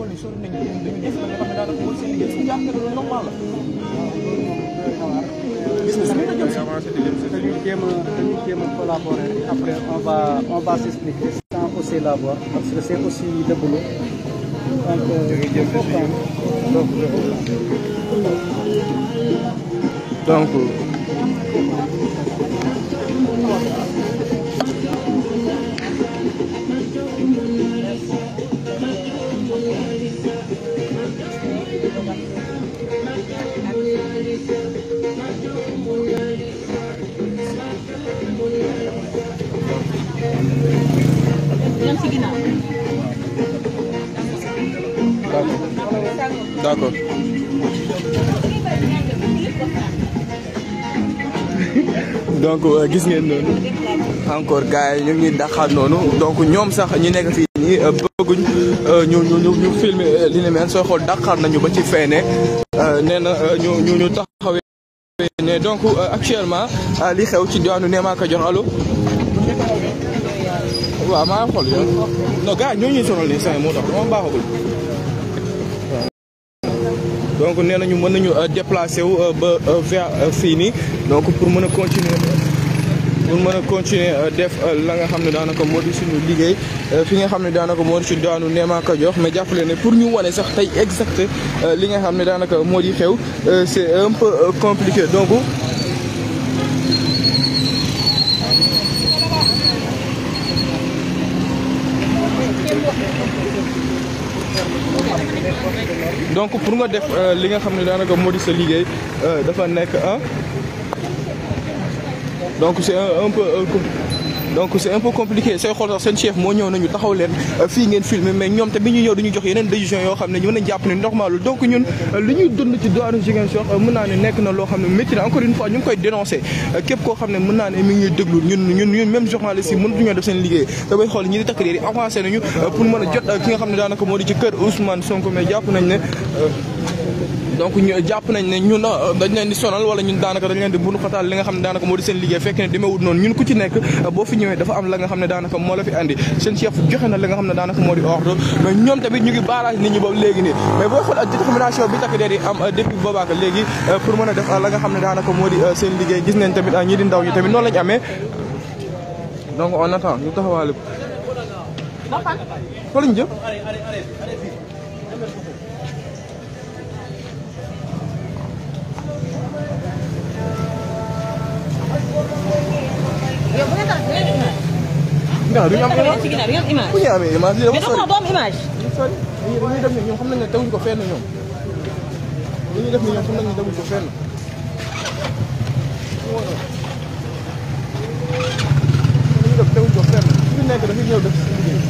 école yi sori nañu dañu def nga xam ne daanaka mooy seen liggéey su jàpp ne loolu normal la. gis nga sax dañuy jéem a dañuy jéem a collaborer après on va on va s'expliquer sans hausser la voix parce que c'est aussi le boulot donc euh, il faut donc euh, donc euh, ñoom si d' accord. donc euh, gis ngeen noonu encore gars yi ñu ngi daxaat noonu donc ñoom sax ñu nekk fii nii euh, bëgguñ euh, ñu ñu ñu ñu li ne mel soo xool daxaat nañu ba ci feene nee na ñu ñu ñu taxawee ne donc actuellement li xew ci diwaanu Néma jox alo waaw maa xool yow ñoo ñuy sonal nii saa moo tax moom baaxagul. donc nee nañu mën nañu déplacé wu ba vers fii nii donc pour mën a continuer pour mën a continuer def la nga xam ne daanaka moo di suñu liggéey fi nga xam ne daanaka moo di suñu daanu neema ko jox mais jàppale ne pour ñu wone sax tey exact euh, li nga xam ne daanaka moo di xew euh, c'est un peu euh, compliqué donc. donc pour nga def euh, li nga xam ne daanaka moo di sa liggéey euh, dafa nekk un donc c'est un peu donc c' est un peu compliqué sooy xool sax seen chef moo ñëw nañu taxaw leen euh, fii ngeen filmer mais ñoom tamit ñu ñëw dañu jox yeneen décision yoo xam ne euh, euh, mën a jàpp naa ne nekk na loo xam ne métti na encore une fois ñu ngi koy dénoncé képp koo xam ne mën naa ne mi ngi ñuy déglu ñun ñun ñun même journalistes yi def seen liggéey damay xool ñi di takk yi avancé nañu pour mën a jot ki nga xam ne daanaka moo di ci kër Ousmane Sonko mais jàpp nañ ne donc ñu jàpp nañ ne ñun euh, dañ leen di sonal wala ñun daanaka dañ leen di bunu xataal li nga xam ne daanaka moo di seen liggéey fekk ne demeewut noonu ñun ku ci nekk euh, boo fi ñëwee am ñu ngi barrage nit ñi ba léegi a nga xam ne daanaka moo di seen liggéey gis nañ tamit euh, ñi di ndaw yi tamit noonu lañ amee donc on attend ñu taxawaale ko fa pourtant du ñu am image bu ñu amee image lii dafa sori mais image. sori lii dañuy def ne ñoom xam nañ ne teguñu ko fenn ñoom li ñuy def ne ñoom xam nañ ne teguñu ko fenn. li ñuy def teguñu ko fenn fi nekk dafay ñëw def si liggéey.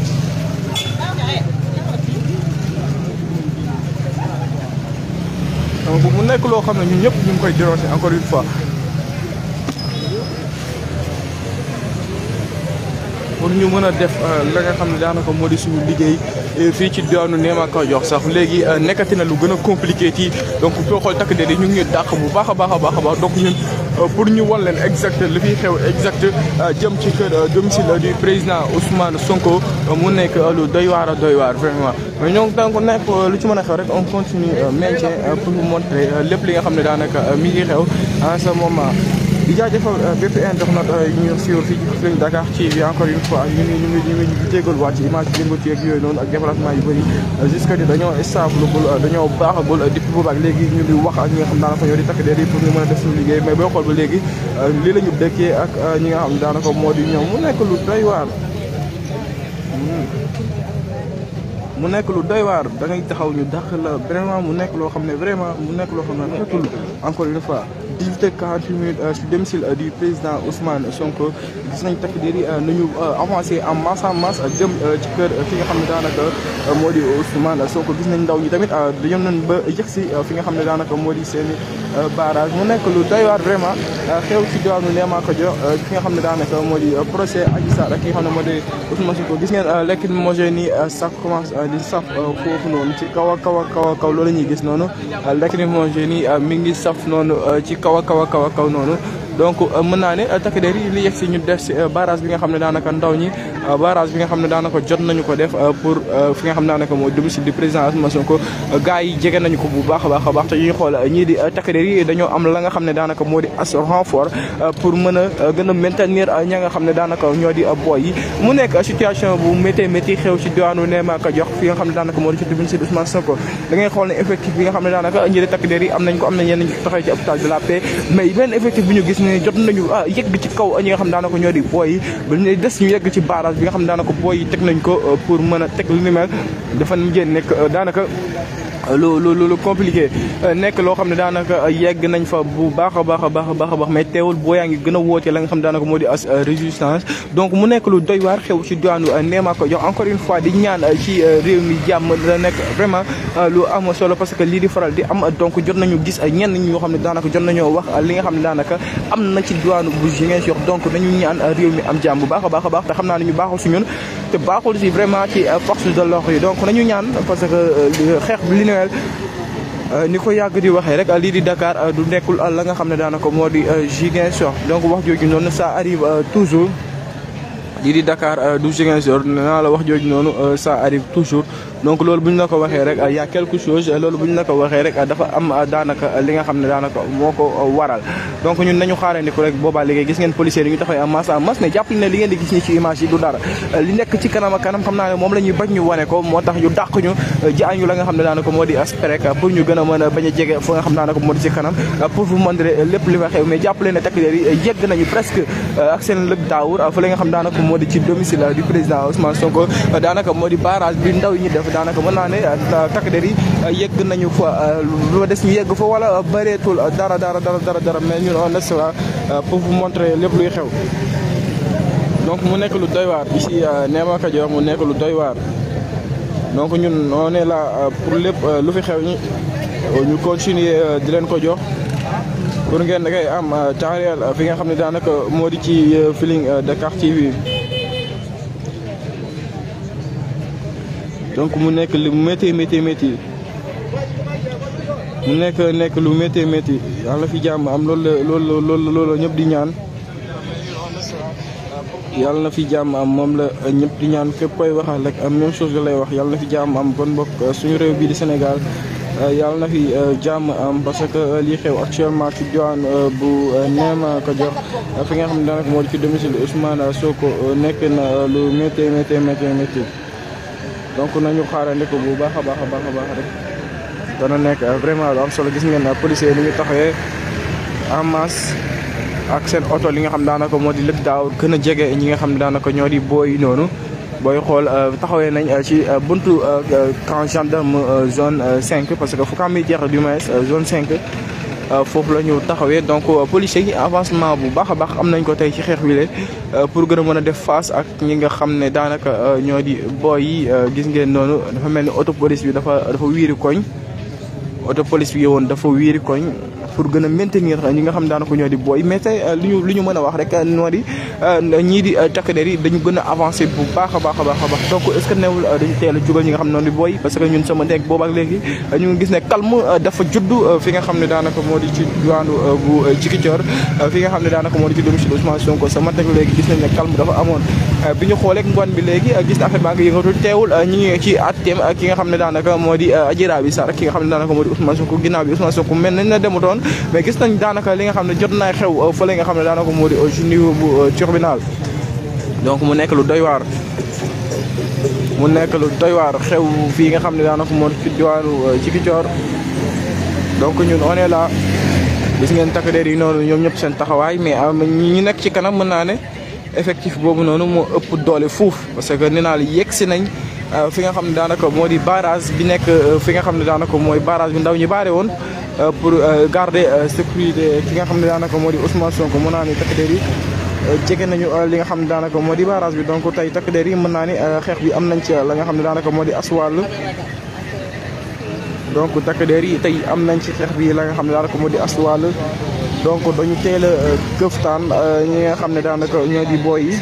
donc mu nekk loo xam ne ñun ñëpp ñu ngi koy dénoncé encore une fois. pour ñu mën a def euh, la xam ne daanaka moo di suñu liggéey euh, fii ci diwaanu Néma jox sax léegi euh, nekkati na lu gën a compliqué ci donc soo xool takk ñu ngi dàq bu baax a baax a a baax donc ñun pour ñu wan leen exact li fiy xew exact jëm ci kër domicile du président Ousmane Sonko mu nekk lu doy waar a doy waar vraiment mais ñoo donc nekk lu ci mën a xew rek on continue maintien pour vous montrer lépp li nga xam ne daanaka mi ngi xew en ce moment di jaajëfal euh, bépp internet euh, yi ñu suivre fii ci Feeling Dakar ci encore une fois ñu ngi ñu ngi ñu jégal waat ci image yi yëngatu yeeg yooyu noonu ak déplacement yu bëri euh, jusque ni dañoo stable bul dañoo baaxagul depuis boobu ak léegi ñu ngi wax ak ñi nga xam daanaka ñoo di takk déedéet pour ñu mën a def suñu liggéey mais boo xool ba léegi lii la ñu ak ñi nga xam daanaka moo di ñëw mu nekk lu doy waar. Hmm. mu nekk lu doy waar da taxaw ñu daq la vraiment mu nekk loo xam ne vraiment mu nekk loo xam ne rafetul encore une fois. 18h48 minutes ci euh, domicile euh, du président Ousmane Sonko gis nañ takk diri euh, nañu avancé en masse en masse jëm ci kër fi nga xam ne daanaka moo di Ousmane Sonko gis nañ ndaw ñi tamit dañoon nañ ba yëg si fi nga xam ne daanaka moo di seeni barrage mu nekk lu doy waar vraiment xew ci diwaanu ki nga xam ne daanaka moo di procès Adji Sarr ak ki nga xam ne moo di Ousmane Sonko gis ngeen lekk ni moo jee nii ça commence di saf foofu noonu ci kaw a kaw ñuy gis noonu lekk ni moo ngi saf noonu ci kaw kaw a kaw a kaw a kaw noonu donc euh, mën naa ne euh, takk der yi li yegg si ñu def si euh, barrage bi nga xam ne daanaka ndaw ñi barrage bi nga xam ne daanaka jot nañu ko def pour fi nga xam ne daanaka a baax a baax te ñuy nga xam ne daanaka moo a xam ne daanaka ñoo di boy yi mu nekk situation bu métti métti xew ci diwaanu Néma Kajoor fi nga xam ne daanaka moo di ci domicile Ousmane Sonko da ngay xool ne effectif bi nga xam ne daanaka ñii di takk der am nañ ko am nañ yenn ñu ci hôpital de la paix mais benn effectif bu ñu gis ne jot nañu ah, yegg ci kaw ñi nga xam daanaka ñoo di booy yi ba ñu des ñu yegg ci barrage bi nga xam daanaka booy yi teg nañ ko euh, pour mën a teg lu ni mel dafa mujjee nekk euh, daanaka lu lu lu compliqué euh, nekk loo xam ne daanaka euh, yegg nañ fa bu baax a baax a baax a baax mais teewul boo yaa ngi gën a wootee la nga xam ne daanaka moo di as euh, résistance donc mu nekk lu doy waar xew ci diwaanu neema ko jox encore une di ñaan ci mi jàmm la nekk vraiment lu am solo parce que lii di faral di am donc jot nañu gis ñenn ñi ñoo xam ne daanaka jot nañoo wax li nga xam ne daanaka am na ci diwaanu bu Ziguinchor donc nañu ñaan réew mi am jàmm bu baax a baax a baax te xam naa ne ñu baaxul ñun te baaxul si vraiment ci euh, force de l'ordre yi donc nañu ñaan parce que euh, xeex bi li euh, ni ko yàgg di waxee rek lii di Dakar du nekkul la nga xam ne daanaka moo di Ziguinchor donc wax jooju noonu ça arrive toujours lii di Dakar euh, du Ziguinchor naa la wax jooju noonu euh, ça arrive toujours donc loolu bu ñu la ko waxee rek euh, y a quelque chose loolu bu ñu la ko waxee rek dafa am daanaka li nga xam ne daanaka ko waral donc ñun nañu xaarandiku rek boobaa liggéey moom la bañ ñu wane moo tax ñu dàq ñu jaañu nga xam ne daanaka moo di asprek pour ñu gën a mën a bañ a jege fa nga xam daanaka moo di ci kanam pour vous montrer lépp li fa xew mais jàpp leen ne takk yi yegg nañu presque ak lëg daawur fa la nga xam daanaka moo di ci domicile di président Ousmane Sonko daanaka moo di barrage bi ndaw yi ñu def daanaka mën naa ne ah, takk der yi ah, yegg nañu fa ah, lu des ñu yegg fa wala bëreetul dara dara dara dara mais ñu on restera pour lépp luy xew mu nekk lu doy waar si Néma Kadior mu nekk lu doy waar donc ñun on est pour lépp lu fi xew ñi ñu continuer di leen ko jox pour ngeen da koy am carrière fi nga xam ne daanaka moo di ci feeling Dakar TV donc mu nekk lu métti métti métti mu nekk nekk lu métti métti yàlla fi jàmm am loolu la loolu ñëpp di ñaan yàlla na fi jàmm am moom la ñëpp di ñaan fépp koy waxal rek am même chose lay wax yàlla fi jàmm am kon mbokk suñu réew bii di Sénégal euh, yàlla na fi euh, jàmm am parce que euh, lii xew actuellement ci diwaan bu Néma Kajoor fi nga xam ne daanaka moo di ci domicile soo ko nekk na lu métti métti métti donc nañu xaarandi ko bu baax a baax a baax a baax rek dana nekk vraiment lu am solo gis ngeen policier ni ñu taxawee en masse ak seen oto li nga xam daanaka moo di lëkk daaw gën a jege ñi nga xam daanaka ñoo di booy noonu booy xool euh, taxawee nañ euh, ci euh, buntu camp gendarme zone 5 parce que fu camp militaire du moins zone 5. Euh, foofu la ñu taxawee donc euh, policier yi avancement bu baax a baax am nañ ko tey ci xeex wi leen euh, pour gën a mën a def face ak ñi nga xam ne daanaka ñoo di booy yi gis ngeen noonu dafa mel ni auto police bi dafa dafa wiiri koñ auto police bi yowoon dafa wiiri koñ pour gën a maintenir ñi nga xam daanaka ñoo di booy mais tey euh, li ñu a wax rek noo euh, di euh, ñii dañu gën a avancé bu baax a baax a baax a baax donc est ce que newul a jugal ñi nga xam noonu di booy parce que ñun sama nekk boobaak léegi ñu gis ne calme dafa judd fi nga xam ne daanaka moo di ci diwaanu bu Ziguinchor nga xam ne daanaka moo di ci domicile Ousmane Sonko sama nekk ne calme dafa amoon bi ñu xoolee na affaire baa ngi yëngatu teewul ñi ngi ci ki nga xam ne daanaka moo di Adji Raby Sarr ki nga xam ne daanaka moo di Ousmane Sonko a bi Ousmane Sonko mel mais gis nañ daanaka li nga xam ne jot naa xew euh, fële nga xam ne daanaka moo di au euh, niveau bu euh, tribunal donc mu nekk lu waar mu nekk lu xew fii nga xam ne daanaka moo ci diwaanu ci Ziguinchor donc ñun on est ngeen takk der yi noonu ñoom ñëpp seen taxawaay mais ñi nekk ci kanam mën naa ne effectif boobu noonu moo ëpp doole fuuf parce que nee naa la si nañ fi nga xam ne daanaka moo di barrage bi nekk fi nga xam ne daanaka mooy barrage bi ndaw ñi baare woon. Euh, pour euh, garder euh, sécurité ki nga xam ne daanaka moo di Ousmane Sonko mën naa ni takk der yi jege nañu li nga xam ne daanaka moo di barrage bi donc tey takk der yi mën naa ni xeex bi am nañ ci la nga xam ne daanaka moo di aswàll donc takk yi tey am nañ ci xeex bi la nga xam ne daanaka moo di aswàll donc dañu teel a këftaan ñi nga xam ne daanaka ñoo di booy yi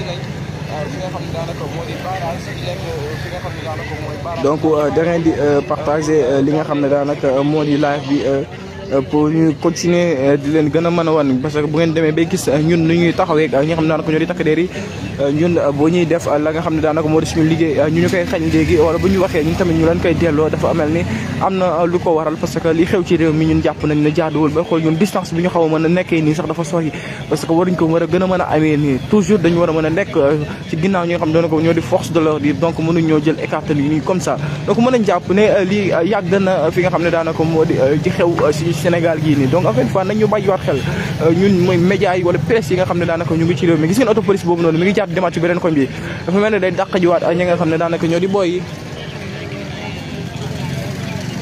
daanaka moo euh, di barrage di lekk donc da di partager euh, li nga xam ne daanaka euh, moo di live bi pour ñu continuer di leen gën a mën a wan parce que bu ngeen demee bay gis ñun nu ñuy taxawee ak ñi nga xam ne daanaka ñoo di takk deer yi ñun euh, bu ñuy def euh, la nga xam ne daanaka moo di suñu liggéey euh, ñu ñu koy xañ léegi wala bu ñu waxee ñun tamit ñu leen koy delloo dafa am na lu a a nekkee nii sax dafa sori parce que waruñ a gën a mën a amee nii toujours dañu war a mën a nekk ci ginnaaw ñi nga xam ne donc mënuñ ñoo jël ne lii yàgg fi nga xam ne daanaka moo di ci xew ci Sénégal gii nii donc encore une fois nañ ñu xel ñun mooy médias yi wala yi nga xam ne daanaka ñu ngi ci réew mi gis ngeen auto police boobu noonu mi ngi demaat demaat ci beneen koñ bi dafa mel ne day dàq jiwaat ak ñi nga xam ne daanaka ñoo di booy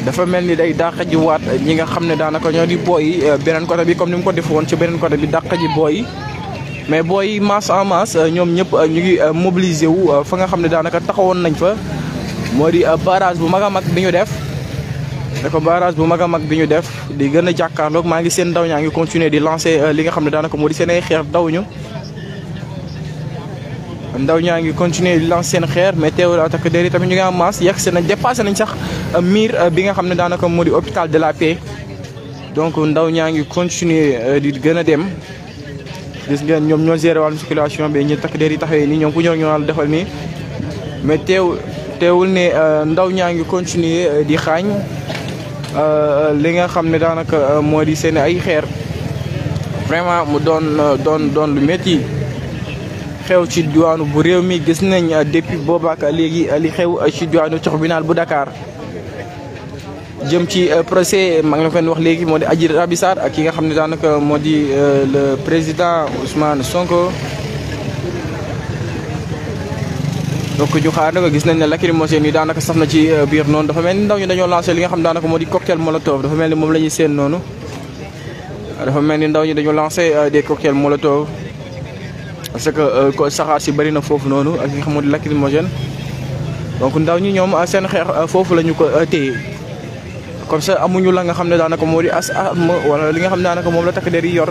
dafa mel ni day dàq ji waat ñi nga xam ne daanaka ñoo di booy yi eh, beneen côté bi comme ni mu ko def woon ci beneen côté bi dàq ji booy mais booy yi en masse eh, ñoom ñëpp eh, ñu ngi mobiliser wu fa nga xam ne daanaka taxawoon nañ fa moo di barage bu mag a mag bi ñu def da ko barrage bu mag a mag bi ñu def di gën a jàkkaarloog maa ngi seen ndaw ñaa ngi continuer di lancer li nga xam ne daanaka moo di seen ay xeer daw ndaw ñaa ngi continuer di lancer seen xeer mais teewul attaque der yi tamit ñu ngi am masse yegg si nañ dépassé nañ sax euh, miir euh, bi nga xam ne daanaka moo di hôpital de la paix donc ndaw ñaa ngi continuer euh, di gën a dem gis ngeen ñoom ñoo géré wàllu circulation bi ñu takk der yi taxawee nii ñoom ku ñëw ñu wàllu defal nii mais teew teewul ne ndaw ñaa ngi continuer di xaañ li nga xam ne daanaka moo di seen ay xeer vraiment mu doon doon doon lu métti. xew ci diwaanu bu réew mi gis nañ euh, depuis boobaak léegi euh, li xew euh, ci diwaanu tribunal bu dakaar jëm ci procès ma ngi la fen wax léegi moo di Adji Raby Sarr ak ki nga xam ne daanaka moo di le président Ousmane Sonko. donc ñu xaar nag gis nañ ne lacrymogène yi daanaka saf na ci biir noonu dafa mel ni ndaw ñu dañoo lancé li nga xam ne daanaka moo di cocktail molotov dafa mel ni moom la ñuy seen noonu dafa mel ni ndaw ñi dañoo lancé des cocktails molotov. parce que euh, saxaar si bëri na foofu noonu ak yi nga xam ne lacrymogène donc ndaw ñi ñoom a euh, seen xeex euh, foofu la ñu ko téye comme ça amuñu la nga xam ne daanaka moo di as am ah, wala li xam ne daanaka moom la takk der i yor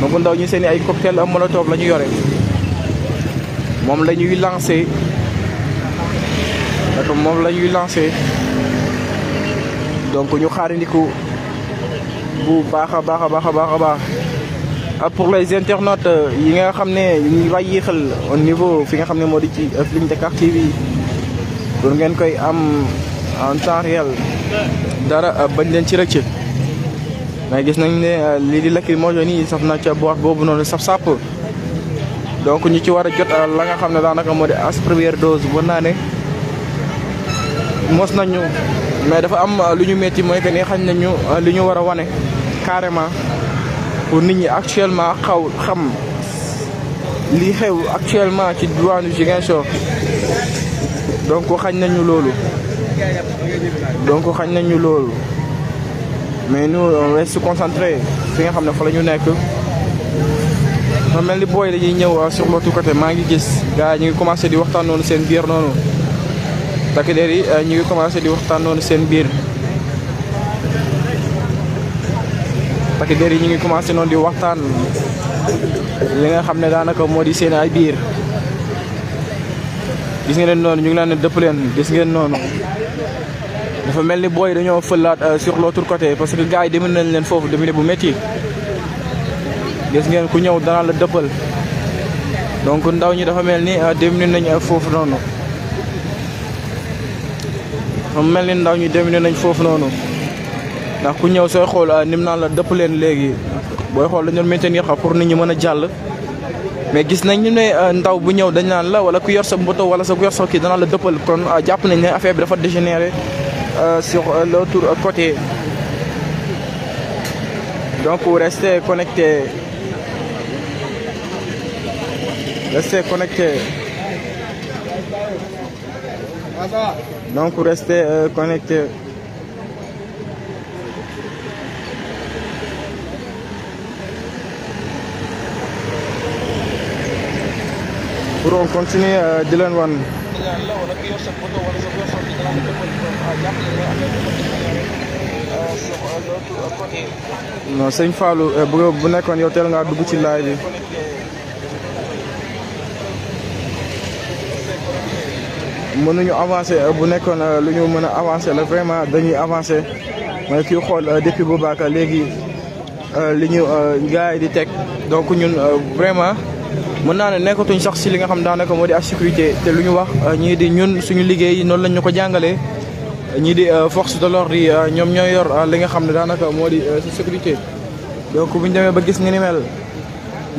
donc ndaw ñi seen i ay cocktail molotov la ñu yore moom la ñuy lancé parce moom la ñuy lancé donc ñu xaarandiku bu baax a baax baax a baax a baax. Euh, pour les internautes euh, yi nga xam ne ñuy bàyyi xel niveau fi nga xam ne moo di ci euh, Feeling Dakar TV pour ngeen koy am en temps réel dara bañ leen ci rëcc mais gis nañ ne lii di lacrymogène yi saf na ca boîte boobu noonu saf-sàpp donc ñu ci war a jot la nga xam ne daanaka moo di as première dose mën naa ne mos nañu mais dafa am lu ñu métti mooy que ne xañ nañu li ñu war a wane carrément pour nit ñi actuellement xaw xam li xew actuellement ci diwaanu Ziguinchor donc xañ nañu loolu donc xañ nañu loolu mais nous on reste concentré fi nga xam ne fa la ñu nekk ma mel ni booy dañuy ñëw ah, sur l'autre côté maa ngi gis gars ñu ngi commencé di waxtaan noonu seen biir noonu takk der yi ah, ñu commencé di waxtaan noonu seen biir parce que der yi ñu ngi commencé noonu di waxtaan li nga xam ne daanaka moo di seen ay biir gis ngeen noonu ñu ngi laan ne dëpp leen gis ngeen noonu dafa mel ni booy dañoo fëlaat euh, côté parce que gars yi demin nañ leen foofu demine bu métti gis ngeen ku ñëw danaa la dëppal donc ndaw ñi dafa mel ni euh, demine nañ foofu noonu dafa mel ni ndaw ñi demine nañ foofu noonu ndax ku ñëw sooy xool a ah, nim naan la dëpp leen léegi booy xool dañu doon maintenir xa pour nit ñi mën a jàll. mais gis nañ ñu ne ah, ndaw bu ñëw dañ naan la wala ku yor sa moto wala sa ku yor sa kii dana la dëppal kon ah, jàpp nañ ne affaire bi dafa dégénéré sur l'autre côté. donc restez connectés restez connectés donc restez euh, connectés. pour on continue euh, di leen wan non sëñ Fallou euh, bu nekkoon yow teel dugg ci laaj bi mënuñu avancer euh, bu nekkoon lu ñu mën a avancer la vraiment dañuy avancer mooy ki xool depuis bu baax léegi li ñu gars yi di teg donc ñun vraiment mën naa ne nekkatuñ sax si li nga xam ne daanaka moo di ak sécurité te lu ñu wax euh, ñii di ñun suñu liggéey noonu lañ ñu ko jàngalee ñii di euh, force de di yi euh, ñoom ñooy yor li nga xam ne daanaka moo di si sécurité bu ñu demee ba gis ni ni mel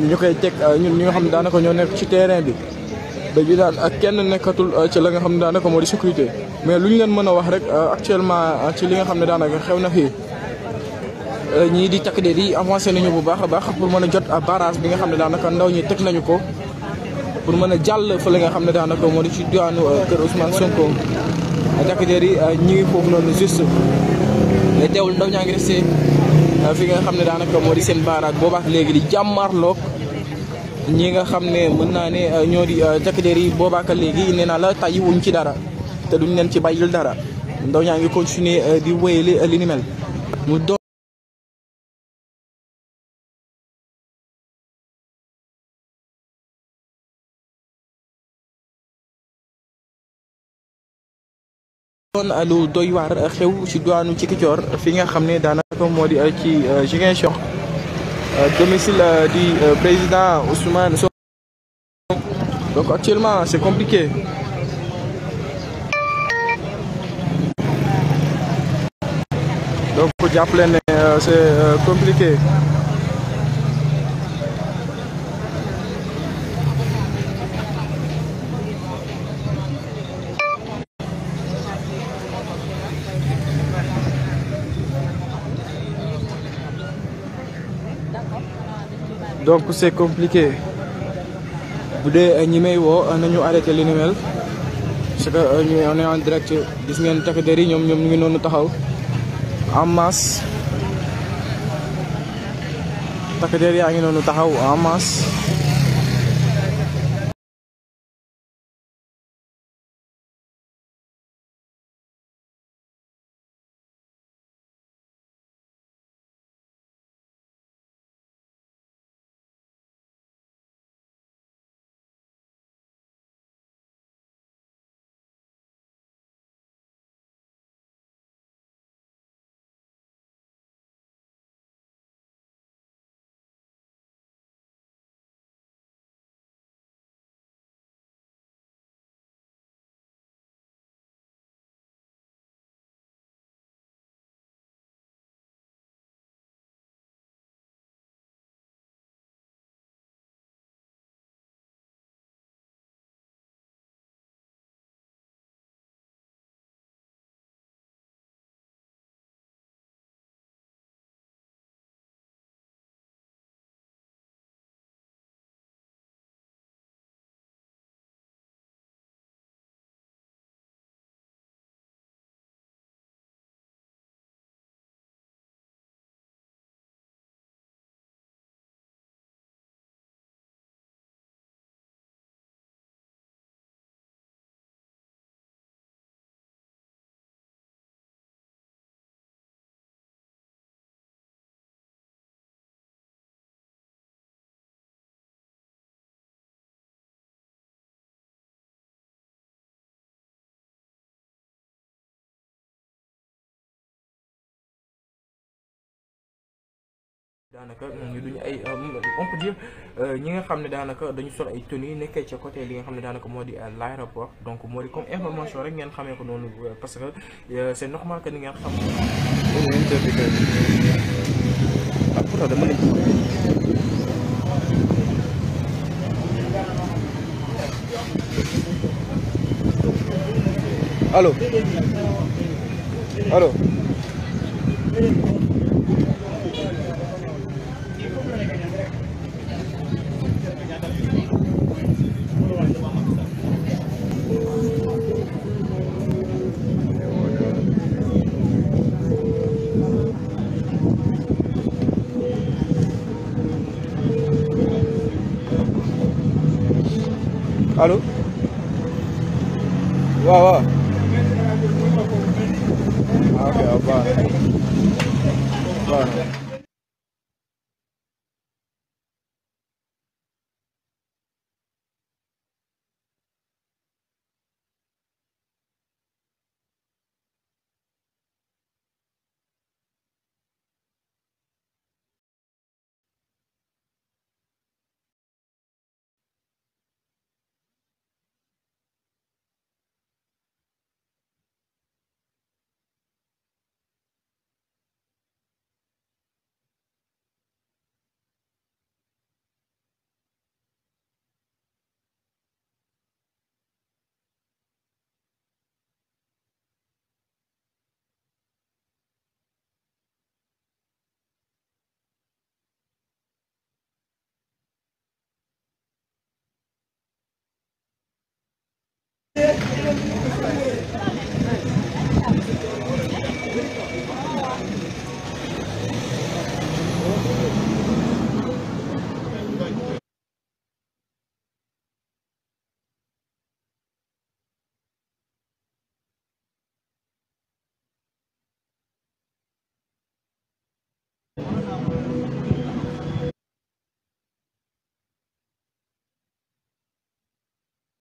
ñu koy teg ñun ñi nga xam ne daanaka ñoo nekk ci terrain bi dañu daan ak kenn nekkatul ci la nga xam ne daanaka moo di sécurité mais lu ñu leen mën a wax rek actuellement ci li nga xam ne daanaka xew na fii Euh, ñii di takk der yi avancé nañu bu baax a baax pour mën a jot a barrage bi nga xam ne daanaka ndaw ñi teg nañu ko pour mën a jàll fa la nga xam ne daanaka moo di ci diwaanu euh, kër Ousmane Sonko euh, takk der yi ñi ngi foofu noonu juste teewul ndaw ñaa ngi resté fi nga xam ne daanaka moo di seen baaraag boobaak léegi di jàmmaarloog ñii nga xam ne mën naa ne ñoo di takk der yi boobaaka léegi nee naa la tàyyi wuñ ci dara te duñ leen ci bàyyil dara ndaw ñaa ngi continuer di wéyale li ni doon alo doy waar xew ci diwaanu ci Kicoor fi nga xam ne daanaka moo di euh, ci euh, Ziguinchor euh, domicile di président Ousmane Sonko donc actuellement c'est compliqué donc c'est compliqué bu dee euh, ñi may woo euh, nañu arrêté li ni mel parce que euh, ñu on en direct gis ngeen takk der yi ñoom ñoom ñu ngi noonu taxaw en masse takk der yaa ngi noonu taxaw en masse daanaka euh, ñu duñu ay euh, on peut dire euh, ñi nga xam ne daanaka dañu sol ay tenue nekkee ca côté li nga xam ne daanaka moo di l' aéroport donc moo di comme information rek ngeen xamee ko noonu parce que c' est normal que ni ngeen xam. allo ah, allo. allo waaw waaw